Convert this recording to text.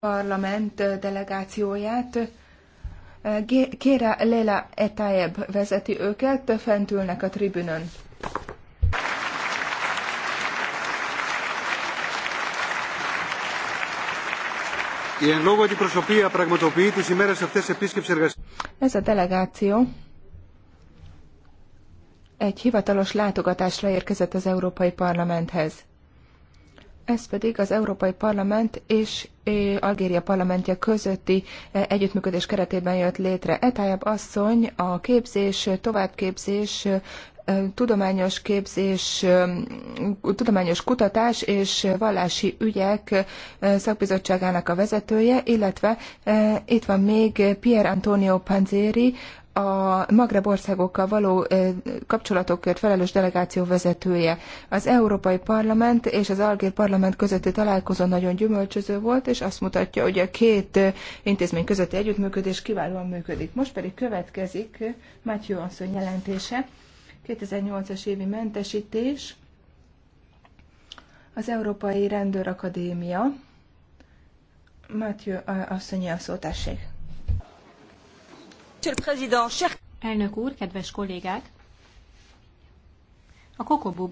parlament delegációját. Kéra Lela Etájeb vezeti őket, fent ülnek a tribünön. Ez a delegáció egy hivatalos látogatásra érkezett az Európai Parlamenthez ez pedig az Európai Parlament és Algéria parlamentje közötti együttműködés keretében jött létre. Etájab asszony a képzés, továbbképzés, tudományos képzés, tudományos kutatás és vallási ügyek szakbizottságának a vezetője, illetve itt van még Pier Antonio Panzeri, a Magreb országokkal való kapcsolatokért felelős delegáció vezetője. Az Európai Parlament és az Algér Parlament közötti találkozó nagyon gyümölcsöző volt, és azt mutatja, hogy a két intézmény közötti együttműködés kiválóan működik. Most pedig következik Mátyó asszony jelentése, 2008-as évi mentesítés, az Európai Rendőrakadémia, Mátyó asszonyi a szótásség. Elnök úr, kedves kollégák! A Kokobu